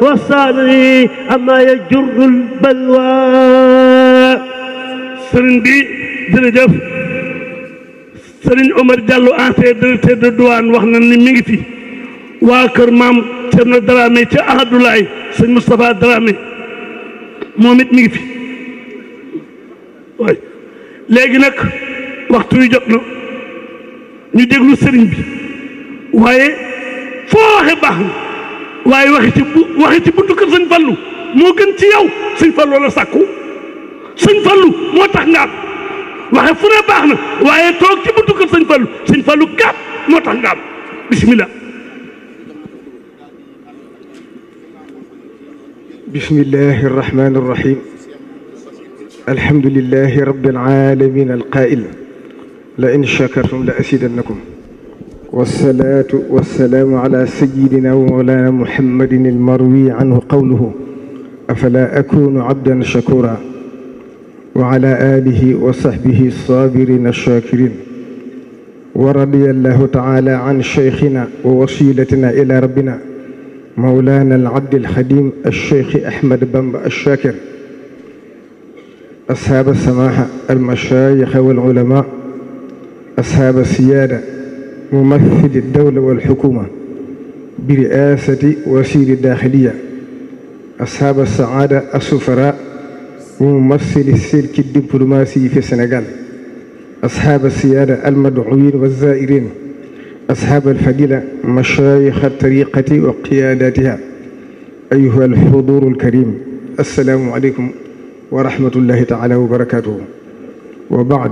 wasaani amma yajurul balwa sëriñ bi jërëjëf sëriñ Omar Diallo ancien directeur de wax na ni mi ngi fi waa kër maam Cerno Dramé ca Ahadulaay sëñ Moustapha Dramé moom it mi ngi fi waay nag waxtu yu jot na ñu déglu bi waaye foo waxe baax waaye waxe ci waxe ci buntu kër sëñ Fallu moo gën ci yow sëñ Fallu la sàkku sëñ Fallu moo tax nga am waxe fu ne baax na waaye toog ci buntu kër sëñ Fallu sëñ Fallu gàpp moo tax nga am bismillah bismillahi arrahmani arrahim alhamdulillahi rabbil alamin alqail la in shakartum la azidannakum والصلاة والسلام على سيدنا ومولانا محمد المروي عنه قوله أفلا أكون عبدا شكورا وعلى آله وصحبه الصابرين الشاكرين ورضي الله تعالى عن شيخنا ووسيلتنا إلى ربنا مولانا العبد الخديم الشيخ أحمد بن الشاكر أصحاب السماحة المشايخ والعلماء أصحاب السيادة ممثل الدولة والحكومة برئاسة وزير الداخلية أصحاب السعادة السفراء ممثل السلك الدبلوماسي في السنغال أصحاب السيادة المدعوين والزائرين أصحاب الفضيلة مشايخ الطريقة وقياداتها أيها الحضور الكريم السلام عليكم ورحمة الله تعالى وبركاته وبعد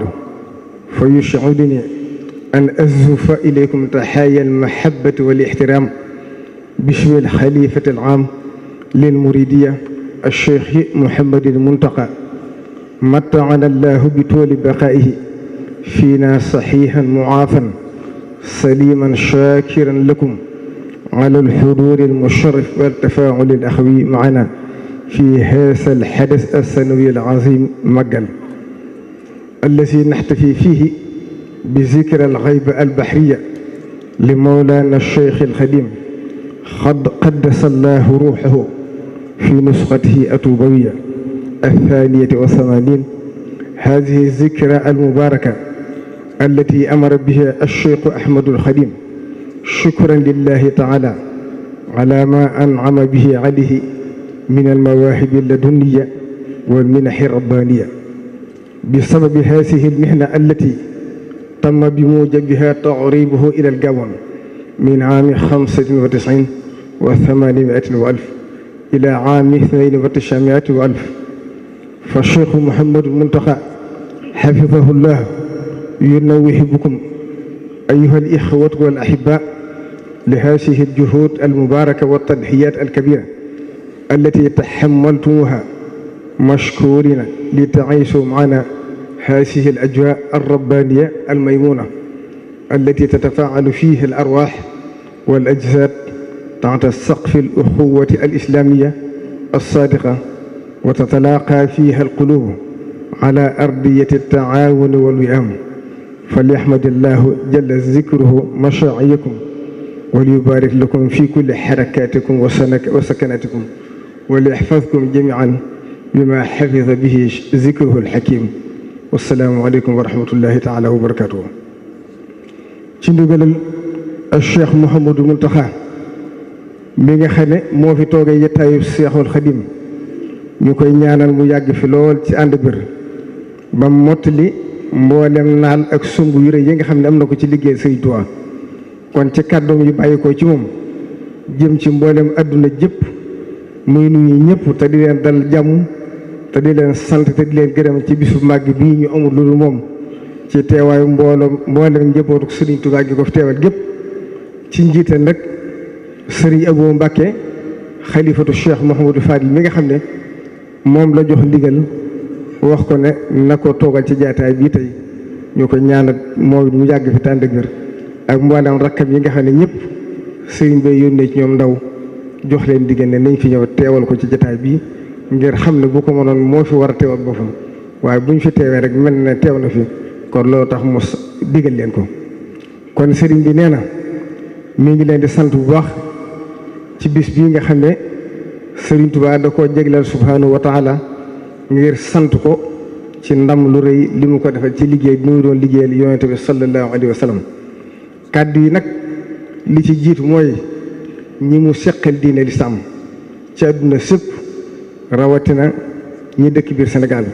فيشعرني أن أزف إليكم تحايا المحبة والاحترام باسم الخليفة العام للمريدية الشيخ محمد المنتقى متعنا الله بطول بقائه فينا صحيحا معافا سليما شاكرا لكم على الحضور المشرف والتفاعل الأخوي معنا في هذا الحدث السنوي العظيم مجل الذي نحتفي فيه بذكر الغيب البحرية لمولانا الشيخ الخديم قد قدس الله روحه في نسخته الطوبوية الثانية والثمانين هذه الذكرى المباركة التي أمر بها الشيخ أحمد الخديم شكرا لله تعالى على ما أنعم به عليه من المواهب اللدنية والمنح الربانية بسبب هذه المحنة التي تم بموجبها تغريبه إلى الجبن من عام خمسة وتسعين وثمانمائة وألف إلى عام اثنين وتسعمائة وألف فالشيخ محمد المنتقى حفظه الله ينوه بكم أيها الإخوة والأحباء لهذه الجهود المباركة والتضحيات الكبيرة التي تحملتموها مشكورين لتعيشوا معنا هذه الأجواء الربانية الميمونة التي تتفاعل فيها الأرواح والأجساد تحت سقف الأخوة الإسلامية الصادقة وتتلاقى فيها القلوب على أرضية التعاون والوئام فليحمد الله جل ذكره مشاعيكم وليبارك لكم في كل حركاتكم وسكناتكم وليحفظكم جميعا بما حفظ به ذكره الحكيم wasalaamualeykum wa rahmatullahi taala wa barakaatu. ci ndigalal Cheikh Mouhamadou Mountakha mi nga xam ne moo fi toogee yettaayu Seexul Xadim ñu koy ñaanal mu yàgg fi lool ci ànd bër ba mottali mboolem naal ak sumb yu rëy yi nga xam ne am na ko ci liggéey Sëriñ kon ci kàddoom yu bàyyi ko ci moom jëm ci mboolem àdduna jëpp muy nuyu ñëpp te di leen dal jàmm te di leen sant te di leen gërëm ci bisu màgg bii ñu amul lu dul moom ci teewaayu mbooloo mboolem njabootu sëriñ Tuubaa gi ko fi teewal gépp ci njiital rek sëriñ Abou Mbacke xalifatu Cheikh Mouhamadou Fadil mi nga xam ne moom la jox ndigal wax ko ne na ko toogal ci jaataay bii tey ñu ko ñaanal moom mu yàgg fi tàndëgër ak mboolem rakkam yi nga xam ne ñëpp sëriñ bay yónnee ci ñoom ndaw jox leen digal ne nañ fi ñëw teewal ko ci jataay bii ngir xam ne bu ko mënoon moo fi war a teewal boppam waaye bu ñu fi teewee rek mel na teew na fi kon loolu tax mu digal leen ko kon sëriñ bi nee na mu ngi leen di sant bu baax ci bis bii nga xam ne sëriñ Tuubaa da koo jegleel subhaanahu wa ngir sant ko ci ndam lu rëy li mu ko defee ci liggéey bi mu doon liggéeyal yonente bi sallallahu alayhi wa sallam kàddu yi nag li ci jiitu mooy ñi mu seqal diine lislaam ci àdduna sëpp rawatina ñi dëkk biir Sénégal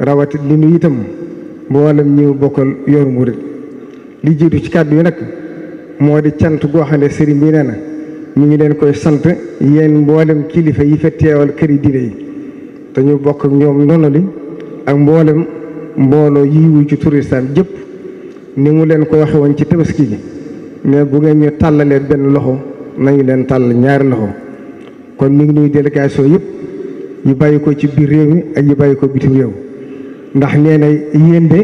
rawatina li nu itam mboolem ñi bokkal yoonu murit li jiitu ci kàddu yi nag moo di cant goo xam ne sëriñ bi nee na ñu ngi leen koy sant yenn mboolem kilifa yi fa teewal kër yi diine yi te ñu bokk ak ñoom noonu li ak mboolem mbooloo yi ci turistaan jëpp ni mu leen ko waxe woon ci tabaski bi mais bu ngeen ñu tàllalee benn loxo nañu leen tàll ñaari loxo kon mu ngi nuy délégation yëpp yu bàyyi ko ci biir réew mi ak yu bàyyi ko bitim réew ndax nee na yéen de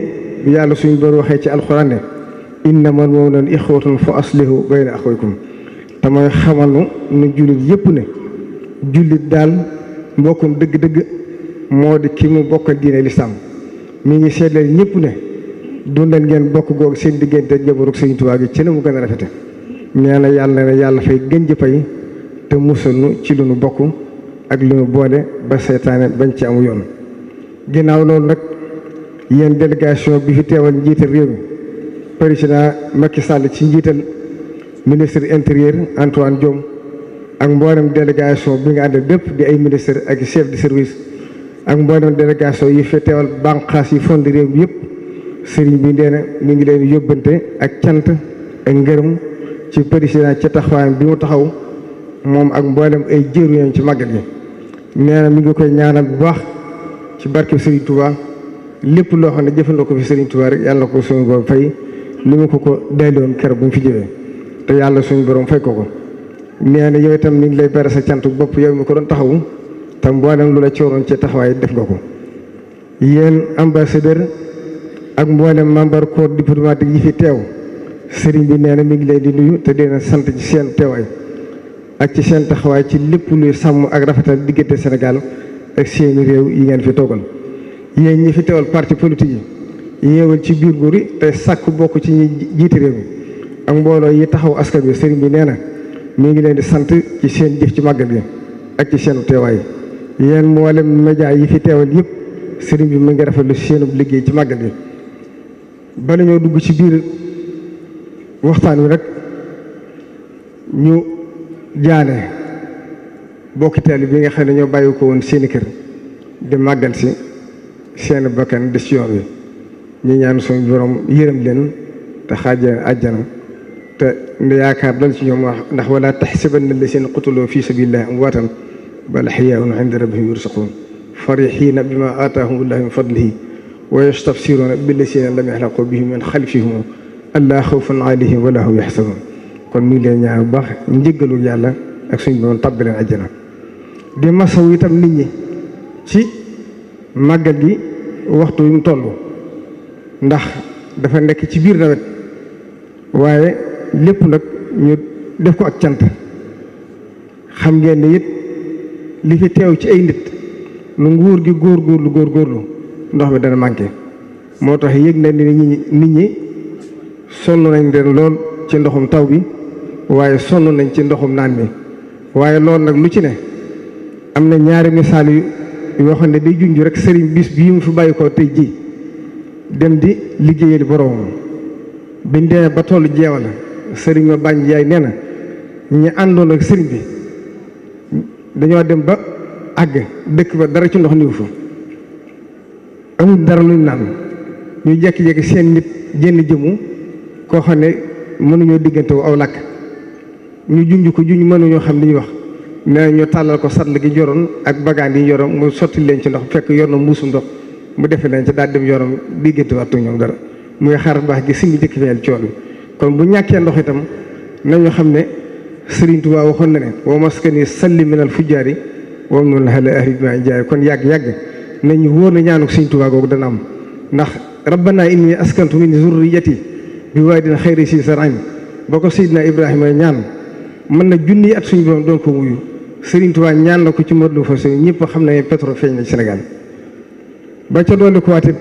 bi yàlla suñu bor waxee ci alxuraane alxuraan ne innamal mu'minuuna ixwatun fa aslihu bayna axawaykum te mooy xamal nu jullit yépp ne jullit daal mbokkum dëgg-dëgg moo di ki mu bokk diine lislaam mu ngi seetleel ñëpp ne dundal ngeen bokk googu seen diggante ak jabarug Sëriñ Tuubaa gi ci ne mu gën a rafete nee na yàlla na yàlla fay gën ji fay te musal nu ci lu nu bokk ak lu boole ba seetaane bañ ci am yoon ginnaaw loolu nag yéen délégation bi fi teewal njiital réew mi makki Macky Sall ci njiital ministre intérieur Antoine Diome ak mboolem délégation bi nga ànd bépp di ay ministre ak chef de service ak mboolem délégation yi fi teewal banqaas yi fond réew mi yëpp sëriñ bi nee mi ngi leen yóbbante ak cant ak ngërëm ci président ci taxawaayam bi mu taxaw moom ak mboolem ay jëru yoon ci màggal yi nee na mi ngi koy ñaanal bu baax ci barke Serigne Touba lépp loo xam ne jëfandoo ko fi Serigne Touba rek yàlla ko suñu boo fay ni mu ko ko delloo keroog bu mu fi jëlee te yàlla suñu borom fay ko ko. nee na yow itam mi ngi lay bare sa cant bopp yow mi ko doon taxawu te mboolem lu la cooroon ci taxawaay def nga ko. yéen ambassadeur ak mboolem membre corps diplomatique yi fi teew Serigne bi nee na mi ngi lay di nuyu te dina sant ci seen teewaay. ak ci seen taxawaay ci lépp luy sàmm ak rafetal diggante Sénégal ak seeni réew yi ngeen fi toogal yéen ñi fi teewal parti politique yi yéewal ci biir nguur yi te sàkk bokk ci ñi jiiti réew mi ak mbooloo yi taxaw askan bi sëriñ bi nee na mu ngi leen di sant ci seen jëf ci màggal yi ak ci seen teewaay yéen mboolem média yi fi teewal yëpp sëriñ bi mu ngi rafetlu seenub liggéey ci màggal gi bala ñoo dugg ci biir waxtaan wi rek jaale bokki taalibe bi nga xam ne ñoo bàyyi ko woon seeni kër di màggal si seen bakkan di si yoon wi ñu ñaan suñu borom yërëm leen te xaajal àjjana te ne yaakaar dal ci ñoom wax ndax wala taxsabanna llaziina qutiluu fii sabiilillaahi amwaatan bal ahyaaun inda rabbihim yurzaquun farihiina bimaa aataahum llaahu min fadlihi wa yastafsiruuna billaziina lam yaxlaqu bihim min xalfihim allaa xawfun alayhim wa laa hum yaxzanuun kon mi ngi leen ñaar bu baax njëggalul yàlla ak suñ borom tàbbi leen àjjana di masawu itam nit ñi ci màggal gi waxtu yu mu toll ndax dafa nekk ci biir nawet waaye lépp nag ñu def ko ak cant xam ngeen ne it li fi teew ci ay nit lu nguur gi góor góorlu góor góorlu ndox mi dana manqué moo tax yëg na ni nit ñi nit ñi sonn nañ leen lool ci ndoxum taw bi waaye sonn nañ ci ndoxum naan mi waaye loolu nag lu ci ne am na ñaari misaal yu yoo xam ne day junj rek sëriñ bis bii mu fi bàyyi ko tey ji dem di liggéeyal boroomam biñ demee ba tollu jeewal sëriñ ma bàñ yaay nee na ñi àndoon ak sëriñ bi dañoo dem ba àgg dëkk ba dara ci ndox niwu fa amul dara luñ naan ñu jekki-jekki seen nit jenn jëmu koo xam ne mënuñoo diggante wu aw làkk ñu junj ko junj mënuñoo xam li ñuy wax mais ñu tàllal ko satl gi joroon ak bagaan yi yoroon mu sotti leen ci ndox fekk yoon na mbuusu ndox mu defe leen ci daal dem yoroon diggante waxtu ñoom dara muy xaar baax gi simbi jëkk feel cool bi kon bu ñàkkee ndox itam nañu xam ne Sëriñ Tuubaa waxoon na ne wa maskani salli minal fujjaari wam noonu la ahli bi jaay kon yàgg-yàgg nañu wóor na ñaanu Sëriñ Tuubaa googu dana am ndax rabbana inni askantu min zurriyati bi waadin xayri si sarin ba ko Seydina Ibrahima ñaan mën na junni at suñu borom doon ko wuyu Serigne ñaan na ko ci Modou Lo Fousseyni ñëpp xam ne pétrole feeñ na Sénégal ba ca dolli ko waat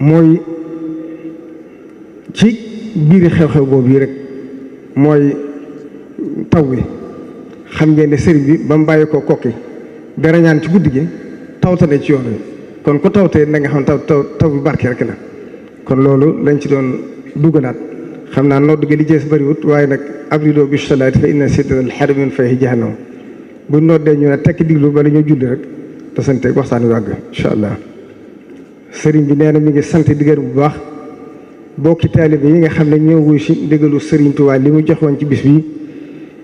mooy ci biiri xew-xew boobu yi rek mooy taw bi xam ngeen ne sëriñ bi ba mu bàyyi ko kokki dara ñaan ci guddi gi tawta ne ci yoon wi kon ko taw te na nga xam taw taw taw bi barke rek la kon loolu lañ ci doon dugalaat xam naa nodd gi li jees bëriwut waaye nag abrido bi salaati fa inna siddal xaramin fay jahannam bu noddee ñu tekk tekki diglu bala ñu julli rek te sante waxtaan wi àgg incha allah sëriñ bi nee na mi ngi sant di gërëm bu baax bokki taalibe yi nga xam ne ñëw wuy si ndigalu sëriñ Tuubaa li mu jox woon ci bis bi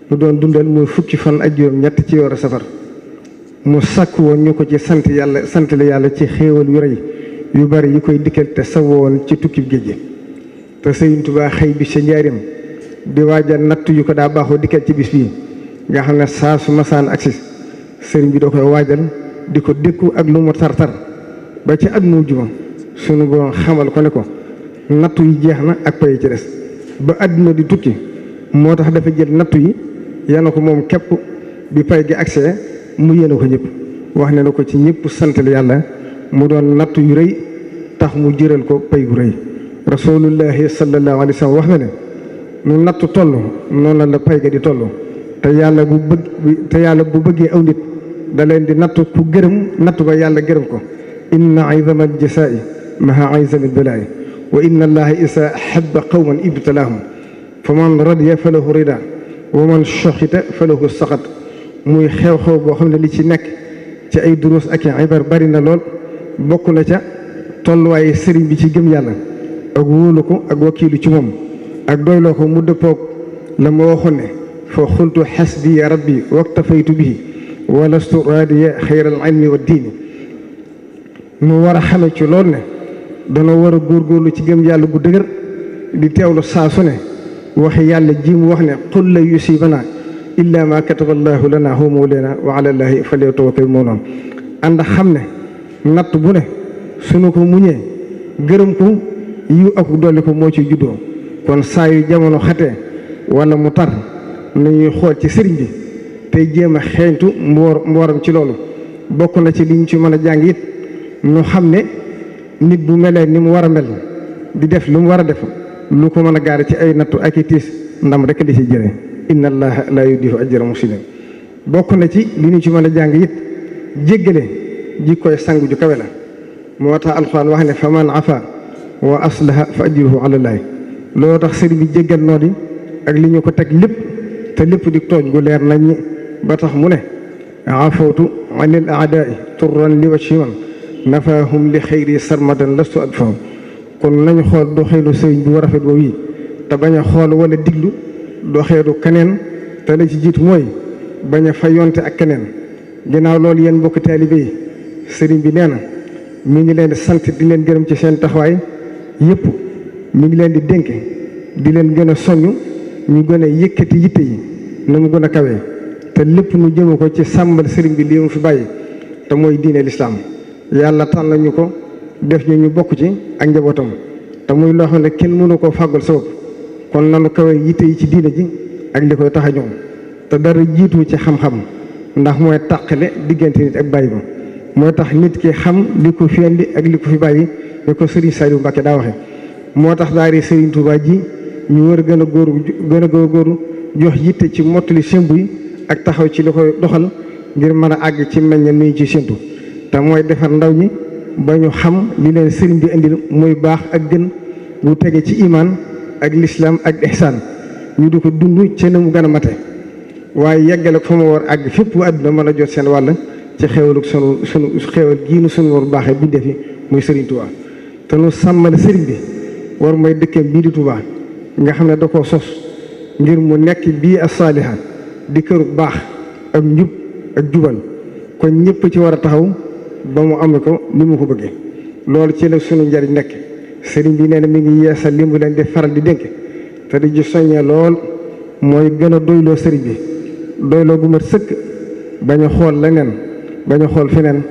mu doon dundal muy fukki fan ak juróom ñett ci yoor a safar mu sàkk woon ñu ko ci sant yàlla sant yàlla ci xéewal yu rëy yu bari yi koy dikkal te ci tukki géej gi te sëriñ Tuubaa xëy bis sa njaarim di waajal nattu yi ko daa baaxoo dikkat ci bis bii nga xam ne saa su masaan ak si sëriñ bi da koy waajal di ko dékku ak lu mu tartar ba ci at mu juma sunu borom xamal ko ne ko nattu yi jeex na ak pay ci des ba àdduna di tukki moo tax dafa jël nattu yi yana ko moom képp bi pay gi accès mu yéene ko ñëpp wax ne na ko ci ñëpp santal yàlla mu doon nattu yu rëy tax mu jëral ko pay gu rëy rasulullahi sallallahu alayhi wa sallam wax na ne nu nattu toll noonu la la pay ga di toll te yàlla bu bëgg te yàlla bu bëggee aw nit da leen di nattu ku gërëm nattu ko yàlla gërëm ko inna izama aljasaa'i maha izami albalaa'i wa inna allaha isa habba qawman ibtalaahum fa man radiya fa lahu rida wa man soxita fa lahu saxat muy xew-xew boo xam ne li ci nekk ci ay duruus ak i ibar bari na lool bokk na ca tolluwaaye sëriñ bi ci gëm yàlla ak wóolu ko ak wakiilu ci moom ak doyloo ko mu dëppoog la ma waxoon ne fa xultu xasbi ya rabbi bi bihi walastu raadiya xayral ilmi wa diini mu war a xame ci lool ne dana war a góor góorgóorlu ci gëm yàlla gu dëgër di teewlu saa su ne waxi yàlla ji wax ne qul la yusibanaa illa ma kataba allahu lana huwa mawlana wa ala allahi falyatawakkal mu'minuun ànd xam ne natt bu ne sunu ko muñee gërëm ko yiw ak dolli ko moo ci juddoo kon saa yu jamono xatee wala mu tar nañuy xool ci sëriñ bi tey jéem a xeeñtu mboor mbooram ci loolu bokk na ci li ñu ci mën a jàng it xam ne nit bu melee ni mu war a mel di def lu mu war a def lu ko mën a gaari ci ay nattu ak ndam rek di ci jëlee inna allaha la yudifu ajra muslimin bokk na ci li ci mën a jàng it jéggale ji koy sangu ju kawe la moo tax alxuraan wax ne faman afa wa aslaha fa ajruhu ala llaah looloo tax sëriñ bi jéggal noonu ak li ñu ko teg lépp te lépp di tooñ gu leer nañ ba tax mu ne afawtu an il aadaai turran li wacci man nafaahum li xëyri sarmadan lastu ak fahum kon nañ xool doxeelu sëriñ bi war rafet ba wii te bañ a xool wala diglu doxeelu keneen te la ci jiit mooy bañ a fayonte ak keneen ginnaaw loolu yéen mbokki taalibe yi sëriñ bi nee na mu ngi leen sant di leen gërëm ci seen taxawaay yëpp mu ngi leen di dénke di leen gën a soññ ñu gën a yëkkati yitte yi na mu gën a kawe te lépp nu jëme ko ci sàmbal sëriñ bi lii mu fi bàyyi te mooy diine lislaam yàlla tànn ñu ko def ñu ñu bokk ci ak njabootam te muy loo ne kenn mënu koo fàggul sa bopp kon nanu kawee yitte yi ci diine ji ak li koy tax a ñoom te dara jiitu ci xam-xam ndax mooy tàqale diggante nit ak bàyyi ba mooy tax nit ki xam li ko fi ak li ko fi bàyyi ni ko Serigne bu Mbacké daa waxe moo tax daari Serigne Touba ji ñu wër a gën a góor gën jox yitte ci mottali sémb yi ak taxaw ci li koy doxal ngir mën a àgg ci meññal mi ci séntu te mooy defar ndaw ñi ba ñu xam li leen sëriñ bi indil muy baax ak gën bu tege ci imaan ak lislaam ak ihsaan ñu di ko dund ci na mu gën a mate waaye yeggale ko fa ma war àgg fépp bu àdduna mën a jot seen wàll ci xéwalug sunu sunu xéwal gii nu sunu war baaxee bindee fi muy sëriñ Tuubaa te nu sàmmale sëriñ bi war mooy dëkkam bii di Touba nga xam ne da koo sos ngir mu nekk bii ak saaliha di këru baax ak njub ak juban kon ñëpp ci war a taxaw ba mu am ko ni mu ko bëggee loolu ci la sunu njariñ nekk sëriñ bi nee na mi ngi yeesal li mu leen di faral di dénk te di ji soññee lool mooy gën a doyloo sëriñ bi doyloo gu mat sëkk bañ xool leneen bañ xool feneen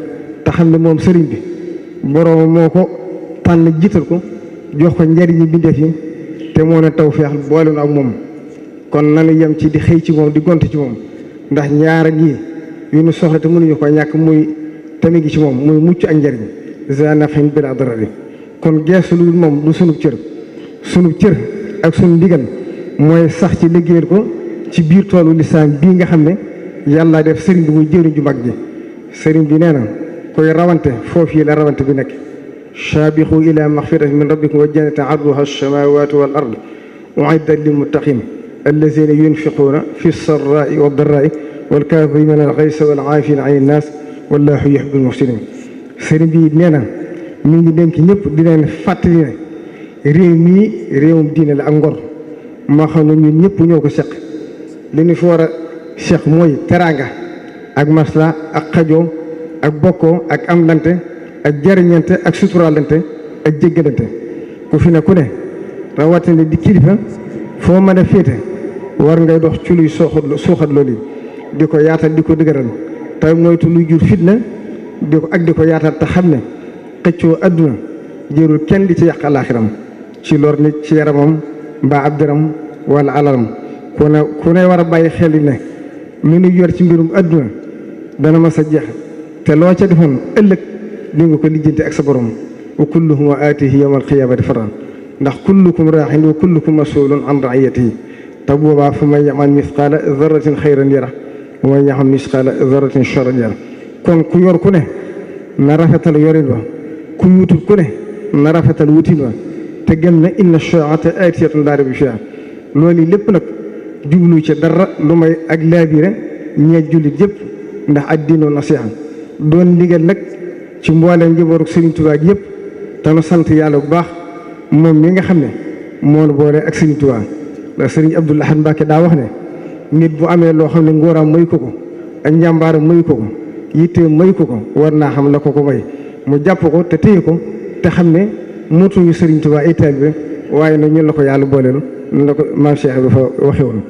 te xam ne moom sëriñ bi boroom ko tànn jiital ko jox ko njariñi bindeef yi te moo ne taw feex boole na ak moom kon nanu yem ci di xëy ci moom di gont ci moom ndax ñaara gi yu nu soxla te mënuñu ko ñàkk muy tame gi ci moom muy mucc ak njariñ zanafin bir adrari kon geesu lu moom du sunub cër sunub cër ak sunu ndigal mooy sax ci liggéeyal ko ci biir toolu lisaan bii nga xam ne yàlla def sëriñ bi muy jëriñ ju mag ji sëriñ bi nee na koy rawante foofu yi la rawante bi nekk saabixu ila maxfiratin min rabbikum wa jannatin arduha alsamawatu wal ard uiddat lilmuttaqin allazina yunfiquuna fi sarraai waddarraai walkaafirina alxaysa wal aafina an innaas wallahu yuhibbu almuhsinin sëriñ bi nee na mi ngi dénk ñëpp di leen fàttali ne réew mii réewum diine la ak ngor moo xam ne ñun ñëpp ñoo ko seq li ñu fi war seq mooy teraanga ak masla ak xajoo ak bokkoo ak amlante ak jariñante ak suturaalante ak jéggalante ku fi ne ku ne rawatina di kilifa foo mën a féete war ngay dox ci luy sooxat suuxat loolu di ko yaatal di ko dëgëral te moytu luy jur fitna di ak di ko yaatal te xam ne xëccoo àdduna jërul kenn di ci yàq ci lor nit ci yaramam mbaa ab dëram wala alalam ku ne ku ne war a bàyyi xel yi ne lu nu yor ci mbirum àdduna dana mas a jeex te loo ca defoon ëllëg li nga ko lijjante ak sa borom wa kulluhum wa aatihi yawma alqiyaamati fardan ndax kullukum raaxin wa kullukum masuulun an raiyatihi te boobaa fa man yaman misqaala zarratin xayran yara wa man yaman misqaala zarratin charran yara kon ku yor ku ne na rafetal yorin wa ku wutul ku ne na rafetal wutin wa te gëm na inna saa'ata aatiyatun laa rayba fiihaa loolu lépp nag jublu ci dara lu may ak laabire ñee jullit yëpp ndax addiinu nasiiha doon ndigal nag ci mbooleem njabootu Serigne Touba gi yëpp dana sant yàlla bu baax moom mi nga xam ne moo la boole ak Serigne Touba ndax Serigne Abdoul Ahad daa wax ne nit bu amee loo xam ne ngooraam mayu ko ko ak njàmbaaram mayu ko ko yittee mayu ko ko war naa xam la ko ko may mu jàpp ko te téye ko te xam ne mootuñu Serigne Touba ay taalibe waaye nag ñun la ko yàlla booleel ñun la ko maam Cheikh bi fa waxee woon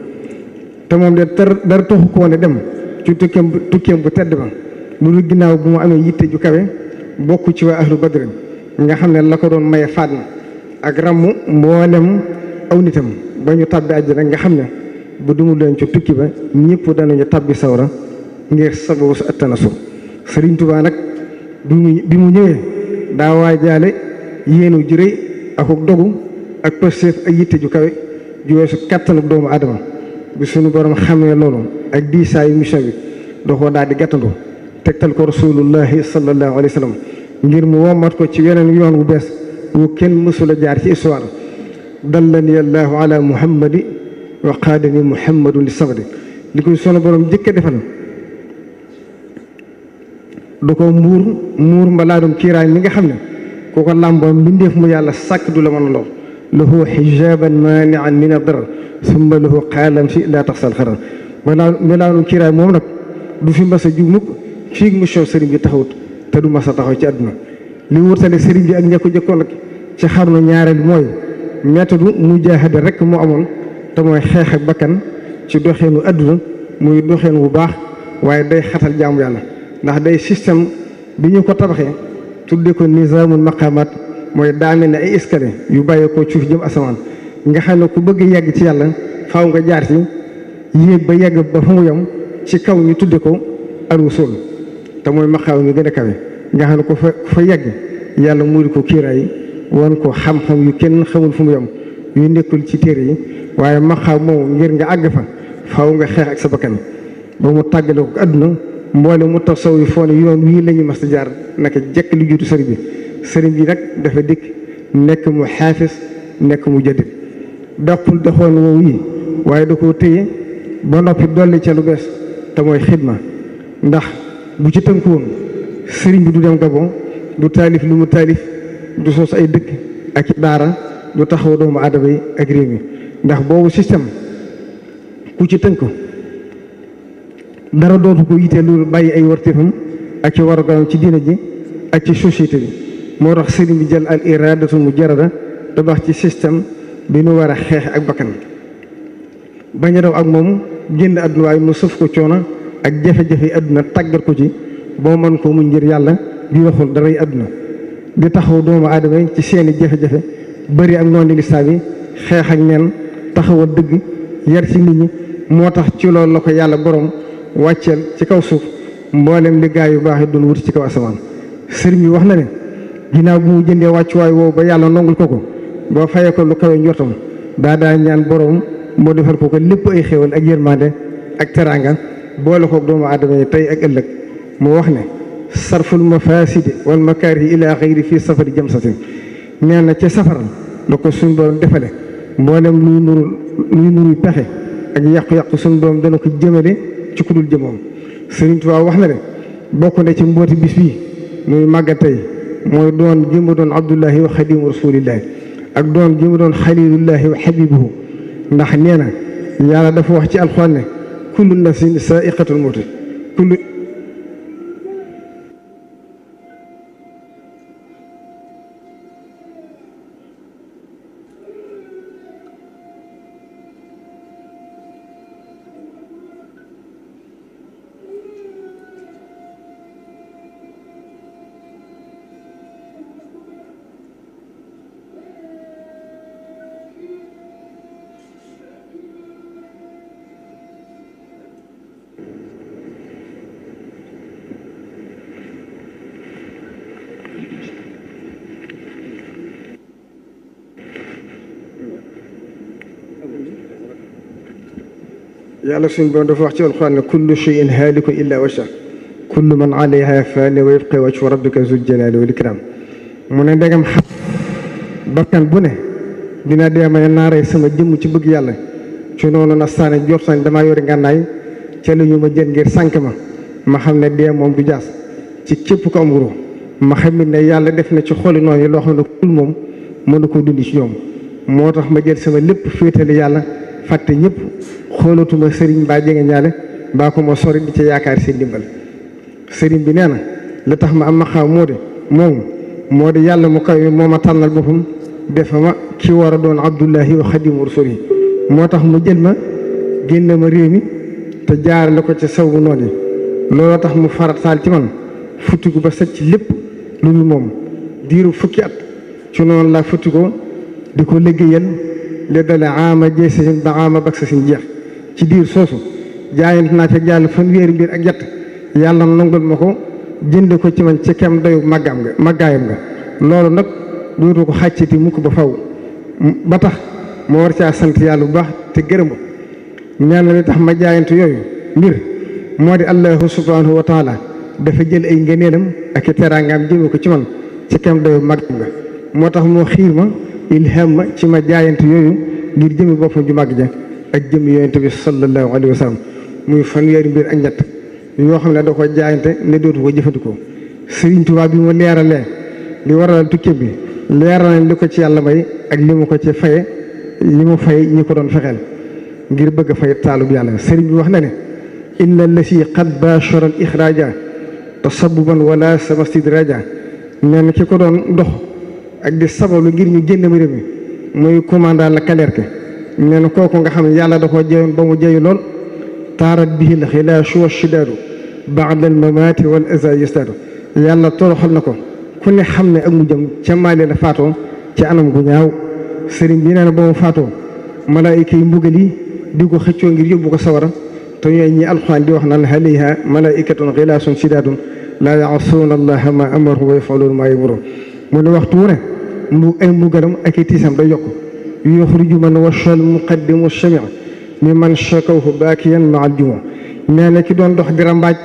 te moom de tar dara taxu ko woon dem ci tukkeem tukkeem bu tedd ba ginnaaw bu mu amee yitte bokku ci waa ahlu badrin nga xam ne la ko doon maye faat na ak ramu mboolem aw nitam ba ñu tàbbi àjjana nga xam ne bu dumu leen ci tukki ba ñëpp danañu tàbbi sawra ngir sababu su attanasur Sëriñ Tuubaa nag bi mu ñëwee daa waajaale yéenu ju rëy ak dogu ak pësteef ak yitte ju kawe ju weesu kàttanu doomu adama bi suñu borom xamee loolu ak diisaayu mission bi doo ko daal di gàttandoo tegtal ko rasulullahi sallallahu alayhi wa sallam ngir mu wommat ko ci yeneen yoon wu bees wu kenn mësula jaar ci histoire dallani allahu ala muhammadi wa qaadani muhammadun li samadi li koy sunu borom njëkk a defal du ko muur muur mbalaadum kiiraay mi nga xam ne kooko ko làmboon mbindeef mu yàlla sàkk du la mën a lor lahu xijaaban maanian min adrar summa lahu qaalam si laa taxsal xarar mbalaadum kiiraay moom nag du fi mbasa ju fii mission sëriñ bi taxawut te du mas a taxaw ci àdduna li wurtale sëriñ bi ak ña ko jëkkoon ak ci xarnu ñaareel mooy mu mujaahada rek moo amoon te mooy xeex ak bakkan ci doxeenu àdduna muy doxeen bu baax waaye day xatal jaamu yàlla ndax day système bi ñu ko tabaxee tudde ko nizaamul maqaamaat mooy daa mel ne ay escalier yu bàyyeekoo suuf jëm asamaan nga xam ne ku bëgg yegg ci yàlla faw nga jaar ci yéeg ba yegg ba fa mu yem ci kaw ñu tudde ko alwusul te mooy maxaw mi gën a kawe nga xam ne ko fa fa yàgg yàlla muuri ko kiiraay wan ko xam-xam yu kenn xamul fu mu yem yu nekkul ci téere yi waaye maqaam moom ngir nga àgg fa faaw nga xeex ak sa bakkan ba mu tàggale ko àdduna mboole mu tax saw yu foo ne yoon wii la ñu mas jaar naka jekk lu jiitu sëriñ bi sëriñ bi nag dafa dikk nekk mu xaafis nekk mu jëddit dàqul doxoon woowu yi waaye da ko téye ba noppi dolli ca lu bees te mooy xidma ndax bu ci tënk woon sëriñ bi du dem Gabon du taalif lu mu taalif du sos ay dëkk ak daara du taxaw doomu aadama yi ak réew mi ndax boobu système ku ci tënku dara dootu ko yitee loolu bàyyi ay warteefam ak ci war warugaram ci diina ji ak ci société bi moo tax sëriñ bi jël al iradatu mu jarada tabax ci système bi nu war a xeex ak bakkan bañ a ak moom génn àdduna waaye mu sëf ko coono ak jafe-jafe yi àdduna tàggat ko ci boo mu mën koo mu ngir yàlla di waxul daray àdduna di taxaw doomu aadama yi ci seeni jafe-jafe bëri ak noonu lislaam yi xeex ak neen taxawal dëgg yar ci nit ñi moo tax ci lool la ko yàlla borom wàcceel ci kaw suuf mboolem li gaa yu baax yi doon wuti ci kaw asamaan sëriñ bi wax na ne ginnaaw bu mu jëndee wàccuwaay woowu ba yàlla nongul ko ko ba fayee ko lu kawe njortam daa ñaan borom moo defal ko ko lépp ay xéwal ak yërmande ak teraanga boole koog doomu aadama yi tey ak ëllëg mu wax ne sarful mafasidi wal makaarihi ila xayri fii safari jamsatin nee na ca safaral la ko suñ borom defale mboolem luy nuru luy nuru pexe ak yàqu-yàqu suñ borom dana ko jëmale ci ku dul jëmoom Sëriñ Tuubaa wax na ne bokk na ci mbooti bis bii muy màgga tey mooy doon jëma doon abdullahi wa xadimu rasulillahi ak doon jëma doon xalilullahi wa xabibuhu ndax nee na yàlla dafa wax ci alxuraan ne kullu nafsin saa'iqatul mawti kullu yàlla suñu borom dafa wax ci alxuraan ne kullu shay'in haalikun illaa wajhah kullu man alayha faan wa yabqa wajhu rabbika zul jalaali wal ikraam mu ne ndegam xam bakkan bu ne dina dee ma ne naaree sama jëmm ci bëgg yàlla ci noonu na saane jot sañ damaa yori ngànnaay ca la ñu ma jël ngir sànq ma ma xam ne dee moom du jaas ci képp ko am wuro ma xamit ne yàlla def na ci xoli noonu yi loo xam ne kul moom mënu ko dundi ci ñoom moo tax ma jël sama lépp féetale fàtte ñëpp xoolatuma sëriñ baa jege ñaale mbaa ko ma sori di ca yaakaar seen dimbal sëriñ bi nee na la tax ma am ma xaw moo de moom moo de yàlla mu kaw moo ma tànnal boppam defa ma ci war a doon abdullahi wa xadimu rasuli moo tax mu jël ma génne ma réew mi te jaarale ko ca saw bu noon yi looloo tax mu farataal ci man futtiku ba set ci lépp lu ñu moom diiru fukki at ci noonu laa futti ko di ko liggéeyal li dale ama jëy sasin ba ama sa sin jeex ci diir soosu jaayant naa fekk yàlla fanweeri mbir ak jett yàlla nangul ma ko jënd ko ci man ci kem dayu màggaam nga màggaayam nga loolu nag dootu ko xàccati faw ba tax ma yàlla bu baax te gërëm ko nee na li tax ma jaayantu yooyu mbir moo di allahu subhanahu wa taala dafa jël ay ngëneelam ak i teraangaam ko ci man ci kem dayu màggaam moo tax moo xiir ma ilham ma ci ma jaayante yooyu ngir jëmi boppam ju màgg ja ak jëmi yonent bi sallallahu alayhi wa mu muy fanweeri mbir ak ñett yoo xam ne da ko jaayante ne dootu ko jëfandikoo Sëriñ Tuubaa bi mu leeralee li waral tukki bi leeral li ko ci yàlla may ak li mu ko ci faye li mu fay ñi ko doon fexeel ngir bëgg a fay taalub yàlla sëriñ bi wax na ne illa lasi qad bashara al ixraja tasabbuban wala sama stidraja neen ki ko doon dox ak di sabablu ngir ñu génn réew mi muy commandant la Kalerke nee na kooku nga xam ne yàlla da koo jeyoon ba mu jeyu lool taarat bihi l xilaashu wa shidaadu baada al mamaati wal aza yastaadu yàlla toroxal na ko ku ne xam ne ak mu jëm ca la faatoo ci anam gu ñaaw sëriñ bi nee na ba mu faatoo malaayika yi mbugal yi di ko xëccoo ngir yóbbu ko sawara te ñooy ñi alxuraan di wax naan alayha malaikatun xilaasun sidaadun laa yaasuuna allaha ma amaru wa yafaluuna ma yamuruun mu ne waxtu wu mu ay eh, mbugalam ak i tiisam day yokk yuxriju man wasal muqaddimu shamia mi man shakawhu baakiyan ma aljuma nee na ki doon dox di rambaaj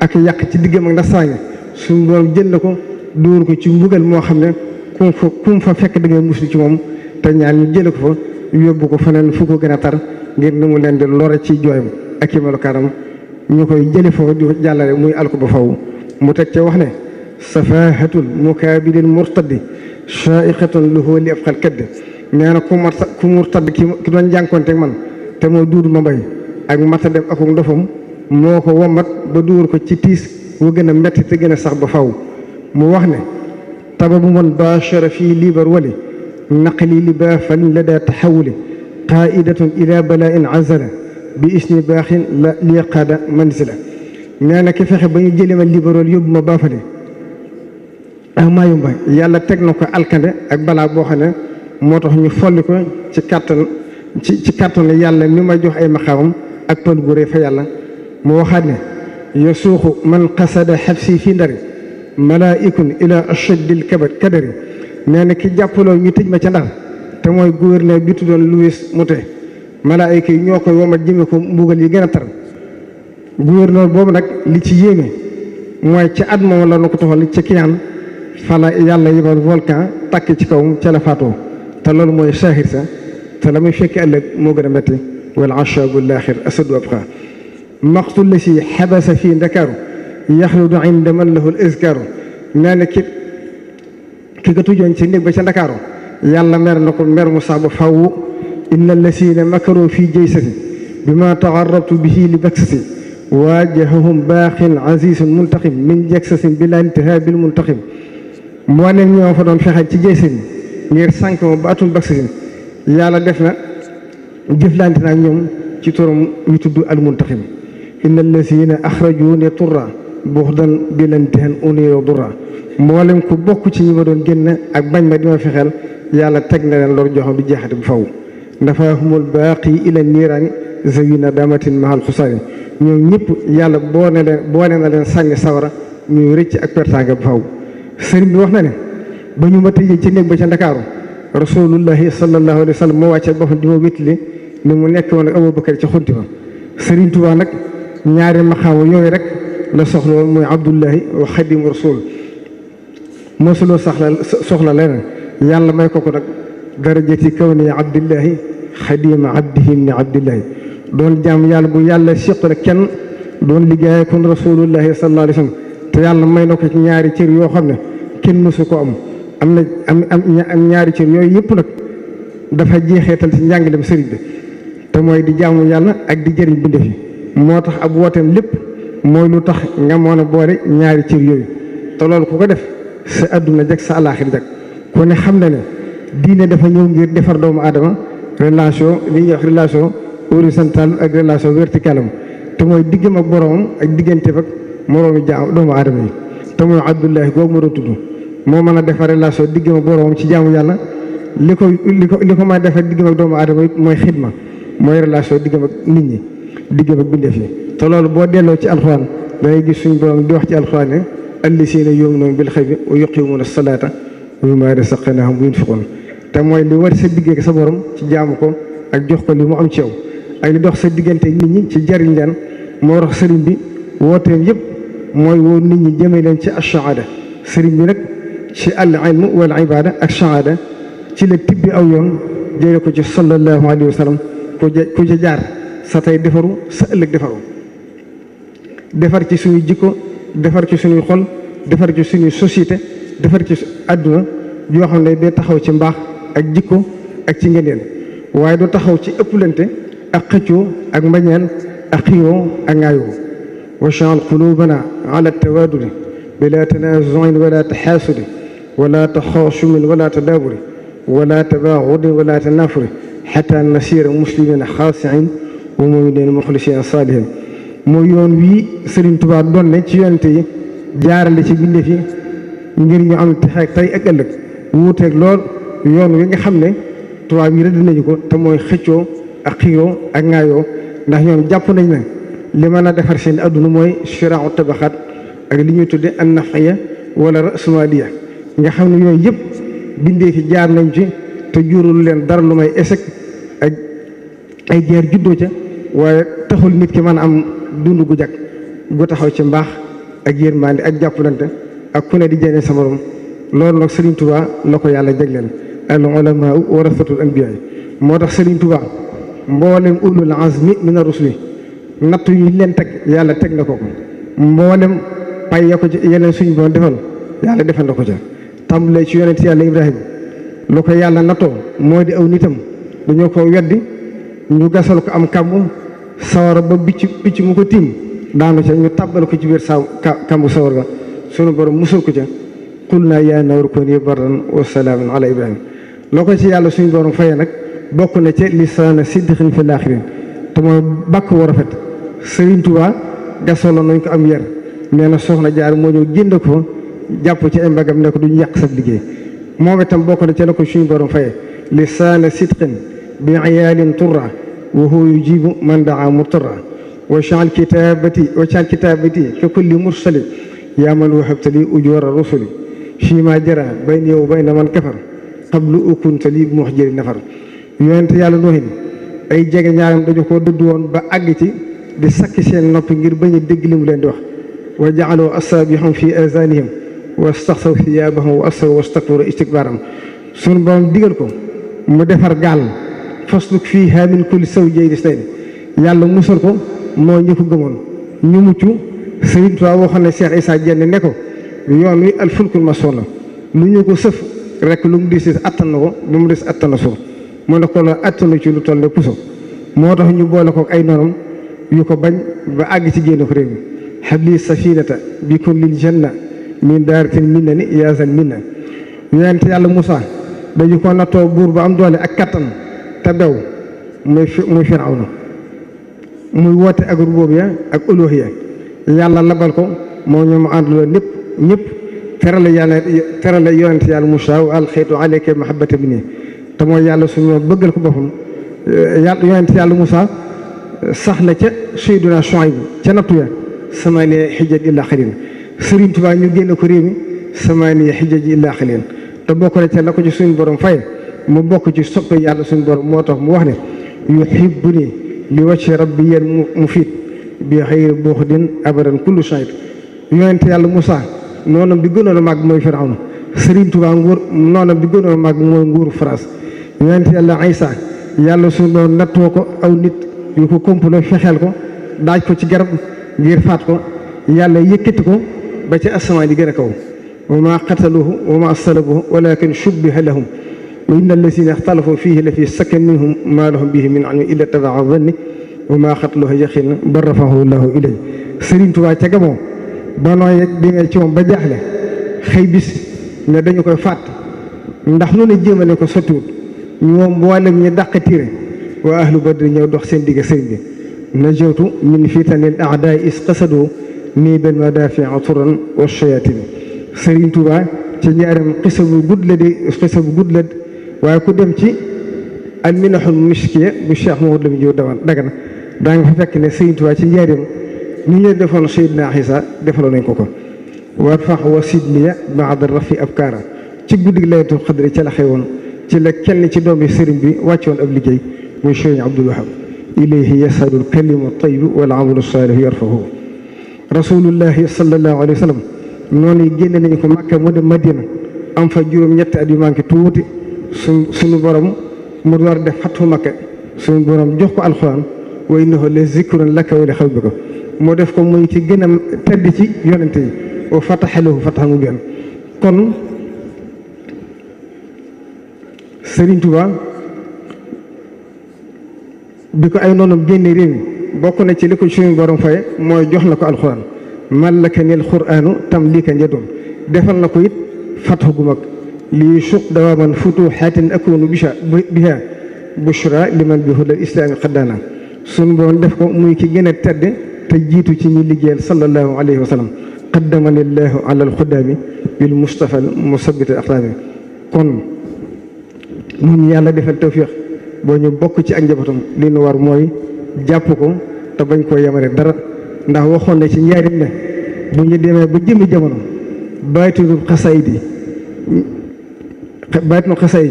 ak yaq ci diggam ak ndasaange suñu borom jënd ko dóor ko ci mbugal moo xam ne kum fa kum fa fekk da ngay musli ci moom te ñaan ñu jële ko fa yóbbu ko feneen fu ko gën a tar ngir ni mu leen di lore ci jooyam ak i melokaanam ñu koy jële foofu di jàllale muy alko ba faw mu teg ca wax ne safahatul mukaabilil murtaddi chaiqatan lohoo li ëpp xel këdd nee na ku ki ki doon jànkonte man te moo ma mbay ak mata dem akuk ndofam moo ko wommat ba duur ko ci tiis wu gën a metti te gën a sax ba faw mu wax ne tababu man baachara fii liibar wali naqli li baafalin la daa taxawuli qaidatun ila balain azala bi isni baaxin la liqaada manzila nee na ki fexe ba ñu jële ma liibarool yóbbu ma baafale ah maa yàlla teg na ko alkande ak balaa boo xam ne moo tax ñu folli ko ci kàttan ci ci kàttan yàlla mi ma jox ay maxaamam ak pël gu rëy fa yàlla mu waxaat ne yasuuxu man qasada xabsi fii ndari malaikun ila ashaddil kabat kadari nee na ki jàppaloo ñu tëj ma ca ndar te mooy gouverneur bi tuddoon Louis Moutet malaayika yi ñoo koy womat jëme ko mbugal yi gën a tar gouverneur boobu nag li ci yéeme mooy ca at moom la nu ko toxal ca Kiyaan fala yàlla yebal volcan takk ci kawam ca la faatoo te loolu mooy saaxir sa te la muy fekki ëllëg moo gën a metti wal ashaabu laaxir asadu abqa maqtul la si xabasa fii ndakaaru yaxludu inda man lahul iskaaru nee na ki ki nga tujoon ci néeg ba ca ndakaaru yàlla mer na ko mer mu saabu faw inna lasina makaroo fii jaysati bima taxarrabtu bihi li baksati waajahahum baaxin azizun muntaqim min jaksasin bila intihaa bil muntaqim mboolem ñoo fa doon fexe ci jeexin ngir sànq moom ba atum vaccin yàlla def na jëflante na ak ñoom ci turam yu tudd almuntaxim inna allazina axraju ne turra buxdan bi leen teen uniro durra mboolem ko bokk ci ñi ma doon génn ak bañ ma di ma fexeel yàlla teg na leen loolu joxo bi jeexati bu faw dafa humul baaqi ila niiraan ma damatin mahal xusaani ñoom ñëpp yàlla boone leen boone na leen sànni sawara ñuy rëcc ak pertaanga bu faw sëriñ bi wax na ne ba ñu ma tëjee ci néeg ba ca ndakaaru rasulullahi sallallahu alayhi wa sallam moo wàcce boppam di ma wéttali ni mu nekk woon ak Abubakar ca xunti ba sëriñ Tuubaa nag ñaari maxaawa yooyu rek la soxla woon mooy abdullahi wa xadimu rasul mosuloo soxla soxla leneen yàlla may ko ko nag darajati kawni abdillahi xadima abdihi ni abdillahi doon jaam yàlla bu yàlla siq rek kenn doon liggéeyee kon rasulullahi sallallahu alayhi wa sallam te yàlla may na ko ci ñaari cër yoo xam ne kenn mësu ko am am na am am ñaari cër yooyu yëpp nag dafa jeexeetal ci njàngilem sëriñ bi te mooy di jaamu yàlla ak di jëriñ bindéef yi moo tax ab wooteem lépp mooy lu tax nga mën a boole ñaari cër yooyu te loolu ku ko def sa àdduna jag sa alaaxir jag ku ne xam na ne diine dafa ñëw ngir defar doomu aadama relation li ñuy wax relation horizontale ak relation verticale am te mooy diggam ak boroomam ak diggante ak moroomi jaamu doomu aadama yi te mooy abdullahi googu ma doon tudd moo mën a defar relation diggam ak boroomam ci jaamu yàlla li ko li ko li ko mën a defar diggam ak doomu aadama yi mooy xidma mooy relation diggam ak nit ñi diggam ak bindeef yi te loolu boo delloo ci alxuraan da gis suñu borom di wax ci alxuraan ne allasiina yu'minuuna bil ghaybi wa yuqiimuuna salaata wa mimmaa razaqnaahum yunfiquun te mooy li war sa digg sa borom ci jaamu ko ak jox ko li mu am ci yow ak li dox sa diggante nit ñi ci jariñ leen moo tax sëriñ bi wooteem yëpp mooy woo nit ñi jëmee leen ci achaada sëriñ bi nag ci al ilm wal ibada ak chaada ci la tibbi aw yoon jële ko ci sallallahu alayhi wa sallam je ku ci jaar sa tey defaru sa ëllëg defaru defar ci suñuy jikko defar ci suñuy xol defar ci suñuy société defar ci àdduna yoo xam ne day taxaw ci mbaax ak jikko ak ci ngeneen waaye du taxaw ci ëpplante ak xëccoo ak mbañeen ak xiiwoo ak ngaayoo واجعل قلوبنا على التوادل بلا تنازع ولا تحاسد ولا تخاصم ولا تدابر ولا تباغض ولا تنافر xataa nasiira muslimin xaasiin wa mu'minin muxlisin saalihin mooy yoon wii Serigne tubaa doon ne ci yonent yi jaarale ci bindéef yi ngir ñu am texeeg tey ak ëllëg wuuteeg lool yoon wi nga xam ne tubaab yi rëdd nañu ko te mooy xëccoo ak xiiroo ak ŋaayoo ndax ñoom jàpp nañ ne li mën a defar seen adduna mooy shiraaw tabaxaat ak li ñuy tudde an nafiya wala rasmaliya nga xam ne yooyu yëpp bindee ki jaar nañ ci te juurul leen dara lu may échec ak ay jaar juddoo ca waaye taxul nit ki mën a am dund gu jag gu taxaw ci mbaax ak yërmande ak jàppalante ak ku ne di jëriñ sa morom loolu nag Serigne Touba la ko yàlla jagleel al ulamaa warasatul anbiyaa moo tax Serigne Touba mboolem ulul azmi mina rusuli nattu yu leen teg yàlla teg na ko ko mboolem pay ya ko ci yeneen suñ boon defal yàlla defal na ko ca tàmbalee ci yonent yàlla Ibrahima lu ko yàlla nattoo moo di aw nitam dañoo ko weddi ñu gasal ko am kàmb sawara ba bicc bicc mu ko tiim daanu ca ñu tàbbal ko ci biir sa kàmbu sawar ba sunu borom musal ko ca qul naa yaa nawru kooni bardan wa salaaman ala Ibrahima loo ko ci yàlla suñu borom fayee nag bokk na ca lisaana siddiqin fil aaxirin te mooy bàkk wu rafet Sëriñ Tuubaa gasaloon nañ ko am yar nee na soxna jaar moo ñëw génne ko jàpp ci ay mbagam ne ko duñ yàq sa liggéey moom itam bokk na ca la ko suñu borom faye lisaana sidqin bi iyaalin turra wa huwa yujibu man daa mutarra wa caal kitaabati wa caal kitaabati ka kulli mursali yaa man wahabtali ujoora rusuli fii maa jara bayni yow bayna man kafar qablu ukuntali muxjiri nafar yonent yàlla noohin ay jege ñaaram dañu ko dëdd woon ba àgg ci di sakki seen noppi ngir ba a dégg li mu leen di wax wa jacaloo asaabihum fi azanihim wastaxsaw siyaabahum wa asraw wastakbaru istikbaaram sunu borom digal ko mu defar gaal fasluk fiihaa min kulli zawjayni isnayni yàlla musal ko moo ñu ko gëmoon ñu mucc Sëriñ Tuubaa waxoon ne Cheikh Issa Dienne ne ko yoon wi al fulkul masoon la lu ñu ko sëf rek lu mu dis dis attan na ko lu mu dis attan na suuf mu ne ko la attanu ci lu toll ne puso moo tax ñu boole ko ay noonam yu ko bañ ba àgg ci génn réew mi sa safinata bi kun lil janna min daaratin min na ni yaasan min na yonent yàlla Moussa dañu ko nattoo buur ba am doole ak kattan te bew muy muy na muy woote ak rububiyya ak uluhiyya yàlla labal ko moo ñoom ànduloo lépp ñëpp terale yàlla terale yonent yàlla Moussa wa alxaytu aleyka mahabbata minni te yàlla suñu bëggal ko boppam yàlla yonent yàlla Moussa sax na ca Seydina Shuayb ca nattu ya samaaniya xijaj illaa xaliin Sëriñ Tuubaa ñu génne ko réew mi samaaniya xijaj illaa xaliin te bokk na ca la ko ci suñu borom fay mu bokk ci soppe yàlla suñu borom moo tax mu wax ne yuhibbunii li wajhi rabbi mufiid bi xayri buxdin abadan kullu shayb yonent yàlla Moussa noonam bi gënoon a màgg mooy Firawna Sëriñ Tuubaa nguur noonam bi gënoon a màgg mooy nguuru France yonent yàlla Aysa yàlla suñu borom nattoo ko aw nit yu ko kompaloo fexeel ko daaj ko ci garab ngir faat ko yàlla yëkkati ko ba ci asamaan yi gën a kaw wa maa qataluhu wa maa salabuhu walakin shubbiha lahum wa inna allazina ixtalafu fihi la fi sakkin minhum maa lahum bihi min ilmin illa tibaa zanni wa maa qataluhu yaqinan bal rafahu llahu ilay Sëriñ Tuubaa ca Gabon ba nooy demee ci moom ba jaaxle xëy bis ne dañu koy faat ndax lu ne jéemale ko sottiwut ñoom mboolem ñi dàq tiire wa ahlu badri ñëw dox seen digg sëriñ bi najawtu min fitanil aadaa is qasadu nii benn madaafi turan wa shayatin sëriñ Tuuba ci ñaaram xisa bu gudd la di xisa bu gudd la waaye ku dem ci al minaxul miskiya bu Cheikh Mouhamadou Lamine Diop dawan dagana daa nga fa fekk ne sëriñ Tuuba ci ñaaram ñu ñu defoon Seydina Xiisa defaloo nañ ko ko war fax wa sidniya baada rafi ab kaara ci guddi laylatul xadri ca la xewoon ci la kenn ci doomi sëriñ bi wàccoon ab liggéey min Cheikh Abdoul Wahab ilayhi yasadu alkalimu tayibu wal amalu saalihu yarfahu rasulullahi sallallahu alayhi wa sallam noonu génne nañu ko Makka mu dem Madina am fa juróom-ñetti at yu manqué tuuti suñ suñu borom mu war def xattu Makka suñu borom jox ko alxuraan wa innahu la zikrun laka wa li ko moo def ko muy ci gën a tedd ci yonente yi wa fataha lahu fatahan mubina kon Serigne bi ko ay noonam génne réew mi bokk na ci li ko suñu borom faye mooy jox na ko alxuraan mallaka nil xuraanu tam lii ka njëdoon defal na ko it fatxu gu mag lii suq dawaaman futuxaatin akoonu bisha biha bushra liman bi hudal islaami xaddaana suñu borom def ko muy ki gën a tedd te jiitu ci ñi liggéeyal sallallahu alayhi wa sallam qaddamani llahu ala alxudaami bil mustafa al musabit al axlaami kon ñun yàlla defal tawfiq boo ñu bokk ci ak njabootam li nu war mooy jàpp ko te bañ koo yemale dara ndax waxoon na ci njaarim la bu ñu demee ba jëmi jamono baatinu xasaay di baatinu xasaay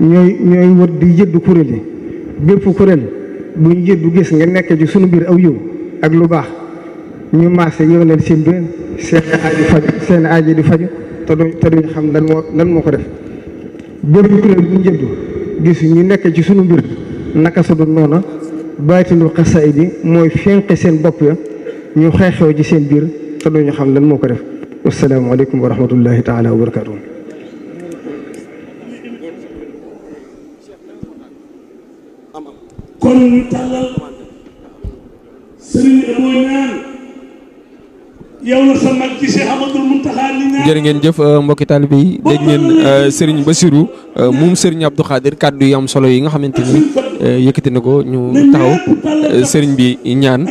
ñooy ñooy wër di jëddu kuréel yi bépp kuréel bu ñu jëddu gis nga nekk ci sunu biir aw yiw ak lu baax ñu maase yow leen simbe seen aaji faju seen aaji di faju te duñ te xam lan lan moo ko def bépp kuréel bu ñu jëddu gis ñu nekk ci sunu mbir naka sa doon noona baatinu xasaay bi mooy fenqe seen bopp ya ñu xeexew ci seen biir te duñu xam lan moo ko def asalaamaaleykum wa rahmatullahi taala wa barakaatu kon ñu tàllal jërë ngeen jëf euh, mbokki taalibe yi dégg ngeen ba euh, Bassirou euh, moom Serigne Abdou Khadir kàddu yi am solo yi nga xamante ni yëkkati na ko ñu taxaw Serigne bi ñaan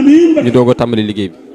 ñu doog a tàmbali liggéey bi.